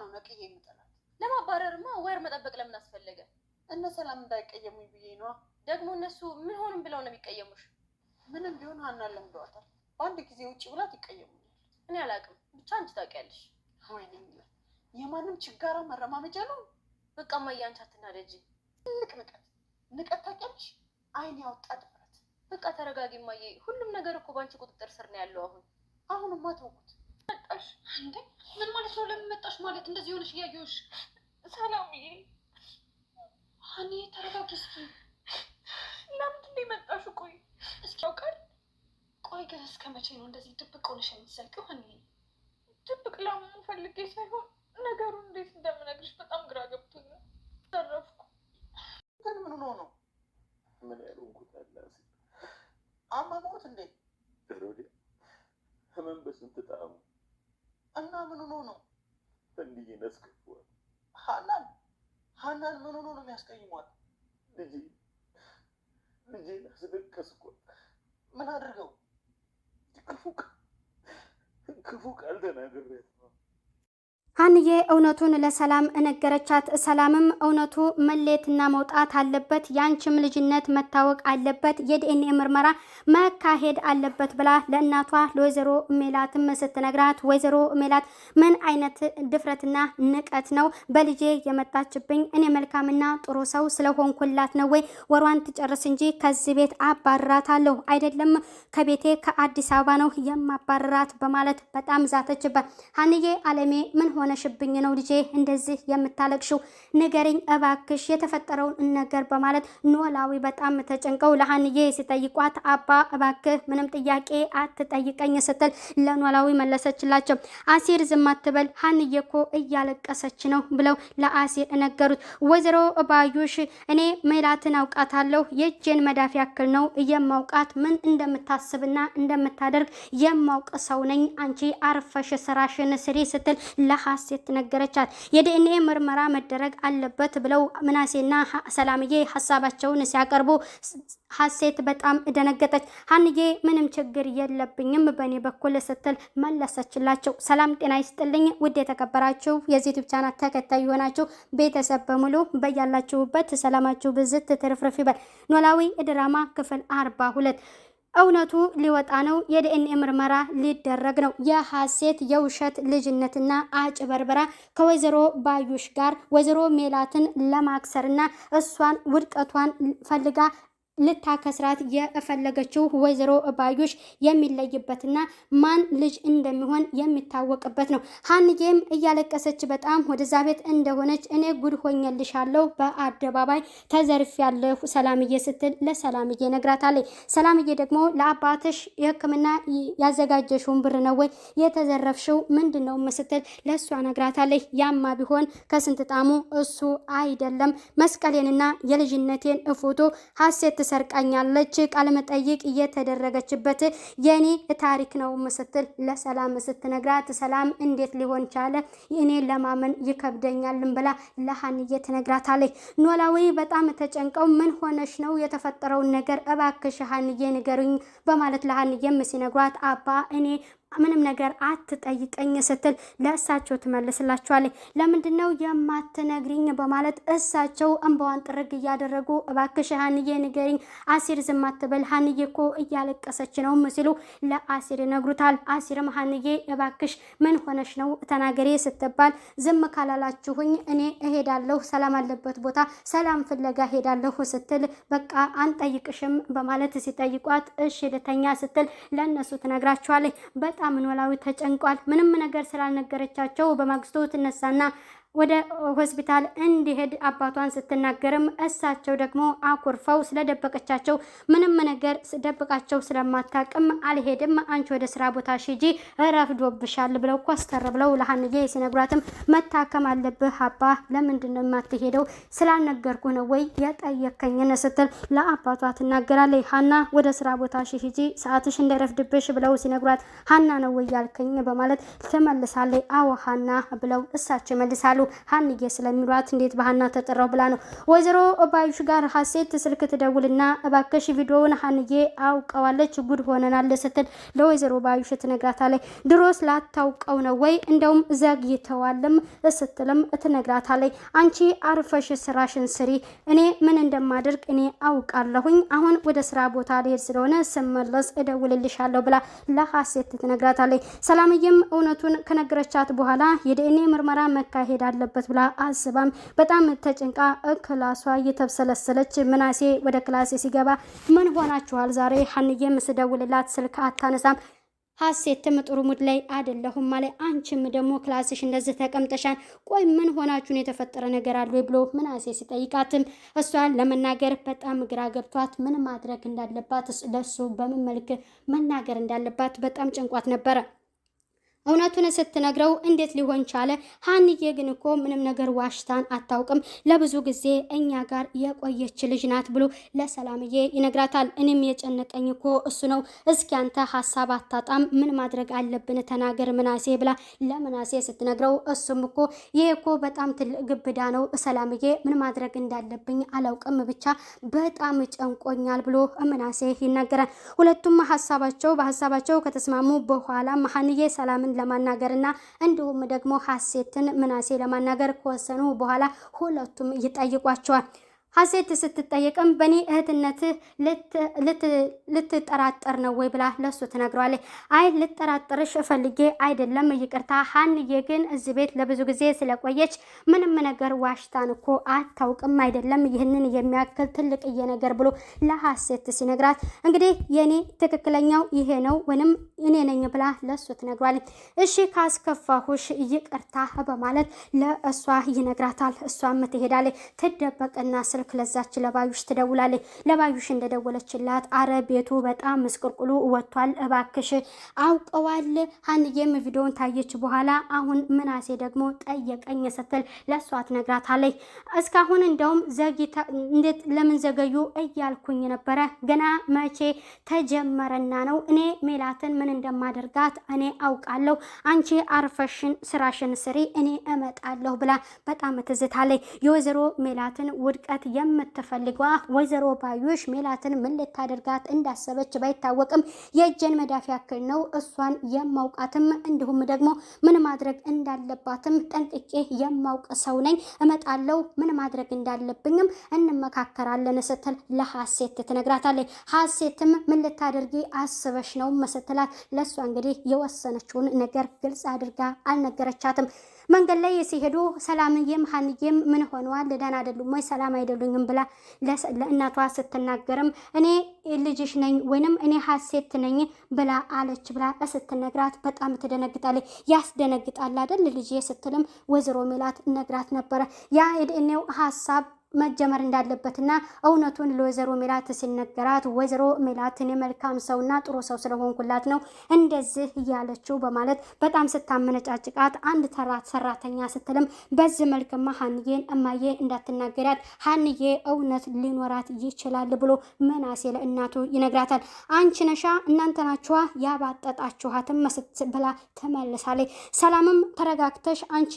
ነው ነቅዬ የምጠላት። ለማባረርማ ወር መጠበቅ ለምን አስፈለገ? እነ ሰላም እንዳይቀየሙኝ ብዬ ነዋ። ደግሞ እነሱ ምን ሆንም ብለው ነው የሚቀየሙሽ? ምንም ቢሆን ሀናን ለምደዋታል። በአንድ ጊዜ ውጭ ብላት ይቀየሙኛል። እኔ አላውቅም፣ ብቻ አንቺ ታውቂያለሽ። ወይኔ የማንም ችጋራ መረማመጃ ነው። በቃ እማዬ አንቺ አትናደጂ። ትልቅ ንቀት ንቀት ታውቂያለሽ? አይን ያወጣ ድፍረት። በቃ ተረጋጊ እማዬ፣ ሁሉም ነገር እኮ በአንቺ ቁጥጥር ስር ነው ያለው። አሁን አሁንማ ተውኩት መጣሽ እንዴ? ምን ማለት ነው? ለምን መጣሽ ማለት እንደዚህ ሆነሽ እያየሁሽ። ሰላምዬ፣ እኔ ተረጋጊ እስኪ። ለምንድን ነው የመጣሽው? ቆይ እስኪ ያውቃል። ቆይ ግን እስከ መቼ ነው እንደዚህ ድብቅ ሆነሽ የምትዘልቂው? እኔ ድብቅ ላሙ ፈልጌ ሳይሆን ነገሩ እንዴት እንደምነግርሽ በጣም ግራ ገብቶኝ ተረፍኩ። ግን ምን ሆኖ ነው? ምን ያለው አማሞት እንዴ? ህመም በስንት ጣዕሙ እና ምን ሆኖ ነው እንዲህ ያስቀይሟል? ሀናን ሀናን ምን ሆኖ ነው የሚያስቀይሟል? ልጄ ልጄ አስለቀስኳት። ምን አድርገው? ክፉ ክፉ ቃል ተናግሬያት ሀንዬ እውነቱን ለሰላም እነገረቻት። ሰላምም እውነቱ መሌትና መውጣት አለበት፣ ያንቺም ልጅነት መታወቅ አለበት፣ የዲኤንኤ ምርመራ መካሄድ አለበት ብላ ለእናቷ ለወይዘሮ ሜላትም ስትነግራት ወይዘሮ ሜላት ምን አይነት ድፍረትና ንቀት ነው በልጄ የመጣችብኝ? እኔ መልካምና ጥሩ ሰው ስለሆንኩላት ነው ወይ? ወሯን ትጨርስ እንጂ ከዚህ ቤት አባርራታለሁ፣ አይደለም ከቤቴ ከአዲስ አበባ ነው የማባርራት በማለት በጣም ዛተችበት። ሀንዬ አለሜ ምን ሽብኝ ነው ልጄ እንደዚህ የምታለቅሽው? ንገሪኝ እባክሽ የተፈጠረውን ነገር በማለት ኖላዊ በጣም ተጨንቀው ለሀንዬ ሲጠይቋት አባ እባክህ ምንም ጥያቄ አትጠይቀኝ ስትል ለኖላዊ መለሰችላቸው። አሲር ዝም አትበል ሀንዬ እኮ እያለቀሰች ነው ብለው ለአሲር ነገሩት። ወይዘሮ ባዩሽ እኔ ሜላትን አውቃታለሁ የእጄን መዳፍ ያክል ነው የማውቃት ምን እንደምታስብና እንደምታደርግ የማውቅ ሰው ነኝ። አንቺ አርፈሽ ስራሽን ስሪ ስትል ለሀ ሀሴት ነገረቻት። የዲኤንኤ ምርመራ መደረግ አለበት ብለው ምናሴና ሰላምዬ ሀሳባቸውን ሲያቀርቡ ሀሴት በጣም ደነገጠች። ሀንዬ ምንም ችግር የለብኝም በእኔ በኩል ስትል መለሰችላቸው። ሰላም ጤና ይስጥልኝ ውድ የተከበራችሁ የዩቲዩብ ቻናል ተከታይ የሆናችሁ ቤተሰብ በሙሉ በያላችሁበት ሰላማችሁ ብዝት ትርፍርፍ ይበል። ኖላዊ ድራማ ክፍል አርባ ሁለት እውነቱ ሊወጣ ነው። የዲኤንኤ ምርመራ ሊደረግ ነው። የሀሴት የውሸት ልጅነትና በርበራ ከወይዘሮ ባዩሽ ጋር ወይዘሮ ሜላትን ለማክሰርና እሷን ውድቀቷን ፈልጋ ልታከስራት የፈለገችው ወይዘሮ ባዩሽ የሚለይበትና ማን ልጅ እንደሚሆን የሚታወቅበት ነው። ሀንዬም እያለቀሰች በጣም ወደዛ ቤት እንደሆነች እኔ ጉድ ሆኜልሻለሁ፣ በአደባባይ ተዘርፌያለሁ ሰላምዬ ስትል ለሰላምዬ ነግራታለች። ሰላምዬ ደግሞ ለአባትሽ የሕክምና ያዘጋጀሽውን ብር ነው ወይ የተዘረፍሽው ምንድን ነው ስትል ለእሷ ነግራታለች። ያማ ቢሆን ከስንት ጣሙ እሱ አይደለም መስቀሌንና የልጅነቴን ፎቶ ሀሴት ሰርቃኛለች፣ ቃለመጠይቅ እየተደረገችበት የኔ ታሪክ ነው ስትል ለሰላም ስትነግራት ሰላም እንዴት ሊሆን ቻለ እኔ ለማመን ይከብደኛልን ብላ ለሀንዬ ትነግራታለች። ኖላዊ በጣም ተጨንቀው ምን ሆነሽ ነው የተፈጠረውን ነገር እባክሽ ሀንዬ ንገሩኝ በማለት ለሀንዬም ሲነግሯት አባ እኔ ምንም ነገር አትጠይቀኝ ስትል ለእሳቸው ትመልስላቸዋለች። ለምንድን ነው የማትነግሪኝ በማለት እሳቸው እንባዋን ጥርግ እያደረጉ እባክሽ ሀንዬ ንገሪኝ፣ አሲር ዝም አትበል፣ ሀንዬ እኮ እያለቀሰች ነው ሲሉ ለአሲር ይነግሩታል። አሲርም ሀንዬ እባክሽ ምን ሆነሽ ነው ተናገሬ ስትባል ዝም ካላላችሁኝ እኔ እሄዳለሁ፣ ሰላም አለበት ቦታ ሰላም ፍለጋ ሄዳለሁ ስትል በቃ አንጠይቅሽም በማለት ሲጠይቋት እሺ ልተኛ ስትል ለእነሱ ትነግራቸዋለች። በጣም በጣም ኖላዊ ተጨንቋል። ምንም ነገር ስላልነገረቻቸው በማግስቱ ትነሳና ወደ ሆስፒታል እንዲሄድ አባቷን ስትናገርም እሳቸው ደግሞ አኩርፈው ስለደበቀቻቸው ምንም ነገር ደብቃቸው ስለማታቅም አልሄድም፣ አንቺ ወደ ስራ ቦታ ሽጂ ረፍዶብሻል ብለው ኮስተር ብለው ለሀንዬ ሲነግሯትም መታከም አለብህ አባ፣ ለምንድን ነው የማትሄደው? ስላልነገርኩ ነው ወይ የጠየከኝን? ስትል ለአባቷ ትናገራለች። ሀና ወደ ስራ ቦታ ሽሂጂ፣ ሰዓትሽ እንደረፍድብሽ ብለው ሲነግሯት ሀና ነው ወይ ያልከኝ በማለት ትመልሳለች። አዎ ሀና ብለው እሳቸው ይመልሳሉ። ነው ሀንዬ ስለሚሏት እንዴት በሀና ተጠራው ብላ ነው። ወይዘሮ ባዩሽ ጋር ሀሴት ስልክ ትደውልና እባክሽ ቪዲዮውን ሀንዬ አውቀዋለች ጉድ ሆነናል ስትል ለወይዘሮ ባዩሽ ትነግራታለች። ድሮስ ላታውቀው ነው ወይ እንደውም ዘግይተዋልም ስትልም ትነግራታለች። አንቺ አርፈሽ ስራሽን ስሪ፣ እኔ ምን እንደማደርግ እኔ አውቃለሁኝ። አሁን ወደ ስራ ቦታ ልሄድ ስለሆነ ስመለስ እደውልልሻለሁ ብላ ለሀሴት ትነግራታለች። ሰላምዬም እውነቱን ከነገረቻት በኋላ የዲኤንኤ ምርመራ መካሄድ አለበት ብላ አስባም በጣም ተጭንቃ ክላሷ እየተብሰለሰለች ምናሴ ወደ ክላሴ ሲገባ ምን ሆናችኋል ዛሬ ሀንዬም ስደውልላት ስልክ አታነሳም ሀሴትም ጥሩ ሙድ ላይ አይደለሁም ማለት አንቺም ደግሞ ክላስሽ እንደዚህ ተቀምጠሻል። ቆይ ምን ሆናችሁን የተፈጠረ ነገር አለ ብሎ ምናሴ ሲጠይቃትም እሷን ለመናገር በጣም ግራ ገብቷት ምን ማድረግ እንዳለባት ለሱ በምን መልክ መናገር እንዳለባት በጣም ጭንቋት ነበረ። እውነቱን ስትነግረው እንዴት ሊሆን ቻለ? ሀንዬ ግን እኮ ምንም ነገር ዋሽታን አታውቅም፣ ለብዙ ጊዜ እኛ ጋር የቆየች ልጅ ናት ብሎ ለሰላምዬ ይነግራታል። እኔም የጨነቀኝ እኮ እሱ ነው። እስኪ አንተ ሀሳብ አታጣም፣ ምን ማድረግ አለብን ተናገር ምናሴ ብላ ለምናሴ ስትነግረው እሱም እኮ ይሄ እኮ በጣም ትልቅ ግብዳ ነው ሰላምዬ፣ ምን ማድረግ እንዳለብኝ አላውቅም፣ ብቻ በጣም ጨንቆኛል ብሎ ምናሴ ይናገራል። ሁለቱም ሀሳባቸው በሀሳባቸው ከተስማሙ በኋላ ሀንዬ ሰላምን ለማናገርና እንዲሁም ደግሞ ሀሴትን ምናሴ ለማናገር ከወሰኑ በኋላ ሁለቱም ይጠይቋቸዋል። ሀሴት ስትጠየቅም በእኔ እህትነት ልትጠራጠር ነው ወይ ብላ ለሱ ትነግረዋለች። አይ ልጠራጠርሽ እፈልጌ አይደለም ይቅርታ፣ ሀንዬ ግን እዚህ ቤት ለብዙ ጊዜ ስለቆየች ምንም ነገር ዋሽታን እኮ አታውቅም አይደለም ይህንን የሚያክል ትልቅዬ ነገር ብሎ ለሀሴት ሲነግራት እንግዲህ የእኔ ትክክለኛው ይሄ ነው ወይም እኔ ነኝ ብላ ለሱ ትነግረዋለች። እሺ ካስከፋሁሽ ይቅርታ በማለት ለእሷ ይነግራታል። እሷም ትሄዳለች። ትደበቅና ስልክ ስልክ ለዛች ለባዩሽ ትደውላለች። ለባዩሽ እንደደወለችላት አረ ቤቱ በጣም ምስቅልቅሉ ወጥቷል፣ እባክሽ አውቀዋል። ሀንዬም ቪዲዮን ታየች በኋላ አሁን ምናሴ ደግሞ ጠየቀኝ ስትል ለእሷ ነግራታለች። እስካሁን እንደውም ዘግይታ እንዴት ለምን ዘገዩ እያልኩኝ ነበረ። ገና መቼ ተጀመረና ነው? እኔ ሜላትን ምን እንደማደርጋት እኔ አውቃለሁ። አንቺ አርፈሽን ስራሽን ስሪ፣ እኔ እመጣለሁ ብላ በጣም ትዝታለች። የወይዘሮ ሜላትን ውድቀት የምትፈልጓ ወይዘሮ ባዩሽ ሜላትን ምን ልታደርጋት እንዳሰበች ባይታወቅም የእጄን መዳፍ ያክል ነው እሷን የማውቃትም እንዲሁም ደግሞ ምን ማድረግ እንዳለባትም ጠንቅቄ የማውቅ ሰው ነኝ። እመጣለሁ፣ ምን ማድረግ እንዳለብኝም እንመካከራለን ስትል ለሀሴት ትነግራታለች። ሀሴትም ምን ልታደርጊ አስበሽ ነው መስትላት ለእሷ እንግዲህ የወሰነችውን ነገር ግልጽ አድርጋ አልነገረቻትም። መንገድ ላይ ሲሄዱ ሰላምዬም ሀንዬም ምን ሆነዋል? ደህና አይደሉም ወይ? ሰላም አይደሉኝም ብላ ለእናቷ ስትናገርም እኔ ልጅሽ ነኝ ወይንም እኔ ሀሴት ነኝ ብላ አለች ብላ ስትነግራት በጣም ትደነግጣለች። ያስደነግጣል አይደል ልጅ ስትልም ወይዘሮ ሜላት ነግራት ነበረ ያ የዲኤንኤው ሀሳብ መጀመር እንዳለበትና እውነቱን ለወይዘሮ ሜላት ሲነገራት ወይዘሮ ሜላትን መልካም ሰውና ጥሩ ሰው ስለሆንኩላት ነው እንደዚህ እያለችው በማለት በጣም ስታመነጫጭቃት አንድ ተራት ሰራተኛ ስትልም በዚህ መልክማ ሀንዬን እማዬ እንዳትናገሪያት ሀንዬ እውነት ሊኖራት ይችላል ብሎ መናሴ ለእናቱ ይነግራታል። አንቺ ነሻ እናንተ ናችኋ ያባጠጣችኋትም መስት ብላ ተመልሳለች። ሰላምም ተረጋግተሽ አንቺ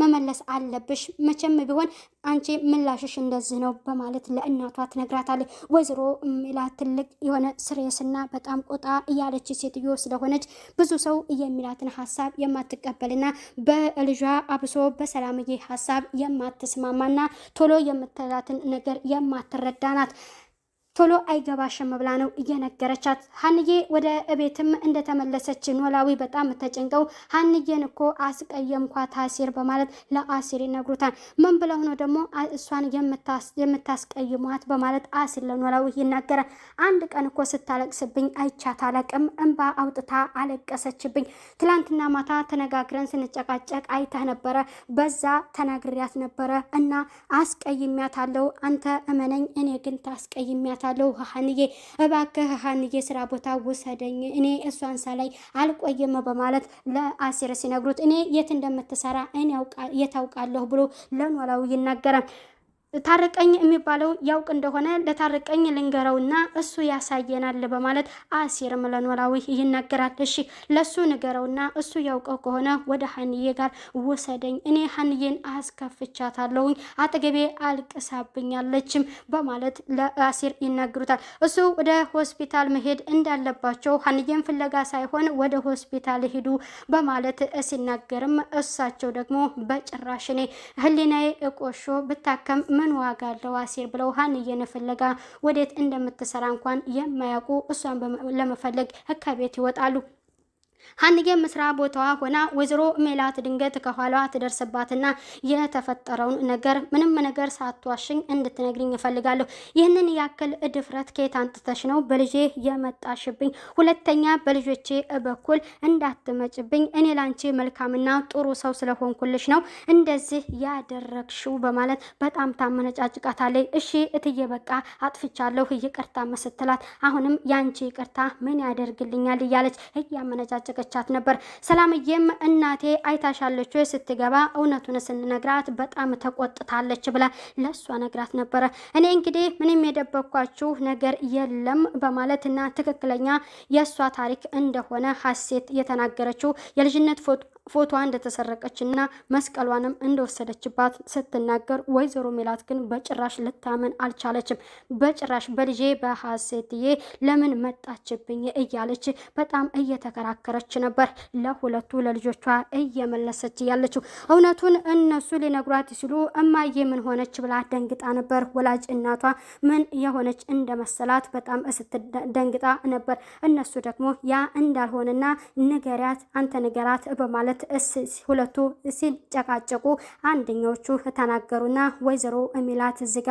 መመለስ አለብሽ። መቼም ቢሆን አንቺ ምላሽሽ እንደዚህ ነው በማለት ለእናቷ ትነግራታለች። ወይዘሮ ሚላት ትልቅ የሆነ ስሬስና በጣም ቆጣ እያለች ሴትዮ ስለሆነች ብዙ ሰው የሚላትን ሀሳብ የማትቀበልና በልጇ አብሶ በሰላምዬ ሀሳብ የማትስማማና ቶሎ የምትላትን ነገር የማትረዳ ናት። ቶሎ አይገባሽም ብላ ነው እየነገረቻት። ሀንዬ ወደ እቤትም እንደተመለሰች ኖላዊ በጣም ተጨንቀው ሀንዬን እኮ አስቀየምኳት አሲር በማለት ለአሲር ይነግሩታል። ምን ብለው ነው ደግሞ እሷን የምታስቀይሟት በማለት አሲር ለኖላዊ ይናገራል። አንድ ቀን እኮ ስታለቅስብኝ አይቻት አለቅም፣ እንባ አውጥታ አለቀሰችብኝ። ትላንትና ማታ ተነጋግረን ስንጨቃጨቅ አይተህ ነበረ፣ በዛ ተናግሪያት ነበረ እና አስቀይሚያት አለው። አንተ እመነኝ፣ እኔ ግን ታስቀይሚያት እላታለሁ። ሀሀንዬ እባክህ ሀሀንዬ ስራ ቦታ ውሰደኝ፣ እኔ እሷን ሳላይ አልቆየም በማለት ለአሲር ሲነግሩት እኔ የት እንደምትሰራ እኔ የታውቃለሁ ብሎ ለኖላዊ ይናገራል። ታረቀኝ የሚባለው ያውቅ እንደሆነ ለታረቀኝ ልንገረውና እሱ ያሳየናል በማለት አሲርም ለኖላዊ ይናገራል። እሺ ለእሱ ንገረውና እሱ ያውቀው ከሆነ ወደ ሀንዬ ጋር ውሰደኝ፣ እኔ ሀንዬን አስከፍቻታለሁኝ፣ አጠገቤ አልቅሳብኛለችም በማለት ለአሲር ይናገሩታል። እሱ ወደ ሆስፒታል መሄድ እንዳለባቸው ሀንዬን ፍለጋ ሳይሆን ወደ ሆስፒታል ሂዱ በማለት ሲናገርም እሳቸው ደግሞ በጭራሽ እኔ ህሊናዬ እቆሾ ብታከም ምን ዋጋ አለው አሴር ብለው ሀንዬን ፍለጋ ወዴት እንደምትሰራ እንኳን የማያውቁ እሷን ለመፈለግ ከቤት ይወጣሉ። ሀንዬም ስራ ቦታዋ ሆና ወይዘሮ ሜላት ድንገት ከኋላ ትደርስባትና የተፈጠረውን ነገር ምንም ነገር ሳትዋሽኝ እንድትነግሪኝ እፈልጋለሁ። ይህንን ያክል ድፍረት ከየት አንጥተሽ ነው በልጄ የመጣሽብኝ? ሁለተኛ በልጆቼ በኩል እንዳትመጭብኝ። እኔ ላንቺ መልካምና ጥሩ ሰው ስለሆንኩልሽ ነው እንደዚህ ያደረግሽው በማለት በጣም ታመነጫጭቃታለች። እሺ እትዬ በቃ አጥፍቻለሁ ይቅርታ መስትላት አሁንም ያንቺ ይቅርታ ምን ያደርግልኛል እያለች እያመነጫጭቀ እየጠየቀቻት ነበር። ሰላምዬም እናቴ አይታሻለች ወይ ስትገባ እውነቱን ስንነግራት በጣም ተቆጥታለች ብላ ለእሷ ነግራት ነበረ። እኔ እንግዲህ ምንም የደበኳችሁ ነገር የለም በማለትና ትክክለኛ የእሷ ታሪክ እንደሆነ ሀሴት የተናገረችው የልጅነት ፎቶ ፎቶዋ እንደተሰረቀች እና መስቀሏንም እንደወሰደችባት ስትናገር፣ ወይዘሮ ሜላት ግን በጭራሽ ልታምን አልቻለችም። በጭራሽ በልጄ በሀሴትዬ ለምን መጣችብኝ እያለች በጣም እየተከራከረች ነበር። ለሁለቱ ለልጆቿ እየመለሰች ያለችው እውነቱን እነሱ ሊነግሯት ሲሉ እማዬ ምን ሆነች ብላ ደንግጣ ነበር። ወላጅ እናቷ ምን የሆነች እንደመሰላት በጣም ስትደንግጣ ነበር። እነሱ ደግሞ ያ እንዳልሆነና ንገሪያት፣ አንተ ንገራት በማለት ሁለቱ ሲጨቃጨቁ አንደኛዎቹ ተናገሩና ወይዘሮ ሚላት እዚጋ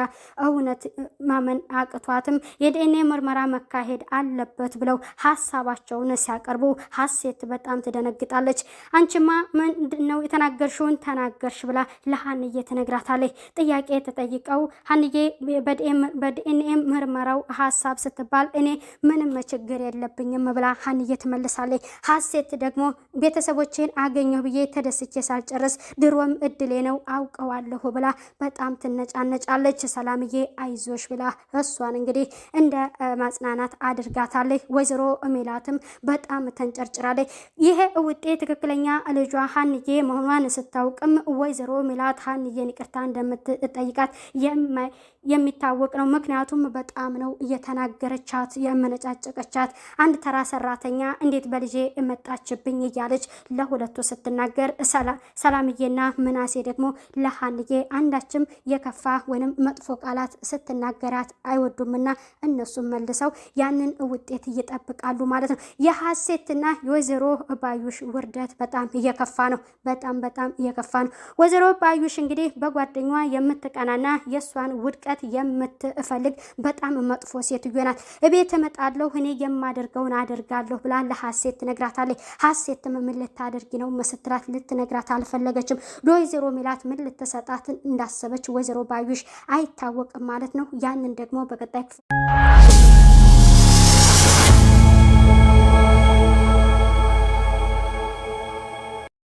እውነት ማመን አቅቷትም የዲኤንኤ ምርመራ መካሄድ አለበት ብለው ሀሳባቸውን ሲያቀርቡ ሀሴት በጣም ትደነግጣለች። አንቺማ ምንድን ነው የተናገርሽውን ተናገርሽ ብላ ለሀንዬ ትነግራታለች። ጥያቄ ተጠይቀው ሀንዬ በዲኤንኤ ምርመራው ሀሳብ ስትባል እኔ ምንም ችግር የለብኝም ብላ ሀንዬ ትመልሳለች። ሀሴት ደግሞ ቤተሰቦችን አ አገኘሁ ብዬ ተደስቼ ሳልጨርስ ድሮም እድሌ ነው አውቀዋለሁ ብላ በጣም ትነጫነጫለች። ሰላምዬ አይዞሽ ብላ እሷን እንግዲህ እንደ ማጽናናት አድርጋታለች። ወይዘሮ ሜላትም በጣም ተንጨርጭራለች። ይሄ ውጤት ትክክለኛ ልጇ ሀንዬ መሆኗን ስታውቅም ወይዘሮ ሜላት ሀንዬን ይቅርታ እንደምትጠይቃት የሚታወቅ ነው። ምክንያቱም በጣም ነው እየተናገረቻት የመነጫጨቀቻት። አንድ ተራ ሰራተኛ እንዴት በልጄ እመጣችብኝ እያለች ለሁለቱ ስትናገር፣ ሰላምዬና ምናሴ ደግሞ ለሀንዬ አንዳችም የከፋ ወይንም መጥፎ ቃላት ስትናገራት አይወዱምና እነሱም መልሰው ያንን ውጤት ይጠብቃሉ ማለት ነው። የሀሴትና የወይዘሮ ባዩሽ ውርደት በጣም እየከፋ ነው። በጣም በጣም እየከፋ ነው። ወይዘሮ ባዩሽ እንግዲህ በጓደኛ የምትቀናና የእሷን ውድቀ መስጠት የምትፈልግ በጣም መጥፎ ሴትዮ ናት። እቤት እመጣለሁ እኔ የማደርገውን አደርጋለሁ ብላ ለሀሴት ትነግራታለች። ሀሴትም ምን ልታደርጊ ነው መስትላት ልትነግራት አልፈለገችም። ለወይዘሮ ሚላት ምን ልትሰጣት እንዳሰበች ወይዘሮ ባዩሽ አይታወቅም ማለት ነው። ያንን ደግሞ በቀጣይ ክፍል